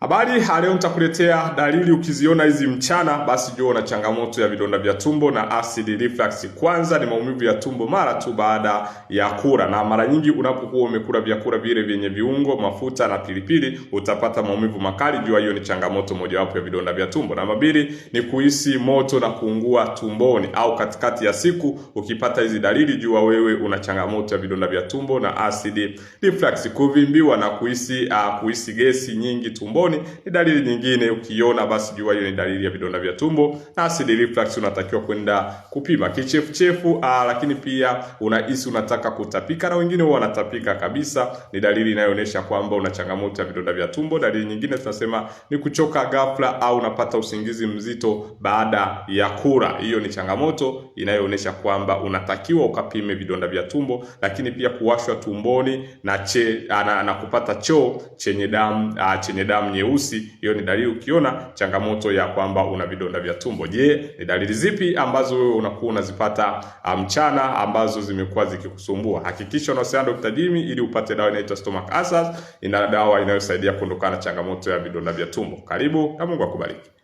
Habari leo nitakuletea dalili ukiziona hizi mchana, basi jua una changamoto ya vidonda vya tumbo na acid reflux. Kwanza ni maumivu ya tumbo mara tu baada ya kula, na mara nyingi unapokuwa umekula vyakula vile vyenye viungo, mafuta na pilipili, utapata maumivu makali. Jua hiyo ni changamoto mojawapo ya vidonda vya tumbo. Namba mbili ni kuhisi moto na kuungua tumboni au katikati ya siku. Ukipata hizi dalili, jua wewe una changamoto ya vidonda vya tumbo na acid reflux. Kuvimbiwa na kuhisi uh, kuhisi gesi nyingi tumboni tumboni ni dalili nyingine. Ukiona basi jua hiyo ni dalili ya vidonda vya tumbo na acid reflux, unatakiwa kwenda kupima kichefuchefu. Ah, lakini pia unahisi unataka kutapika na wengine huwa wanatapika kabisa, ni dalili inayoonyesha kwamba una changamoto ya vidonda vya tumbo. Dalili nyingine tunasema ni kuchoka ghafla au unapata usingizi mzito baada ya kula. Hiyo ni changamoto inayoonyesha kwamba unatakiwa ukapime vidonda vya tumbo, lakini pia kuwashwa tumboni na, che, ah, na, na kupata choo chenye damu ah, chenye damu nyeusi, hiyo ni dalili ukiona changamoto ya kwamba una vidonda vya tumbo. Je, ni dalili zipi ambazo wewe unakuwa unazipata ah, mchana um, ambazo zimekuwa zikikusumbua? Hakikisha unawasiliana na Dr. Jimmy ili upate dawa inaitwa Stomach Acids. Ina dawa inayosaidia kuondokana changamoto ya vidonda vya tumbo. Karibu na Mungu akubariki.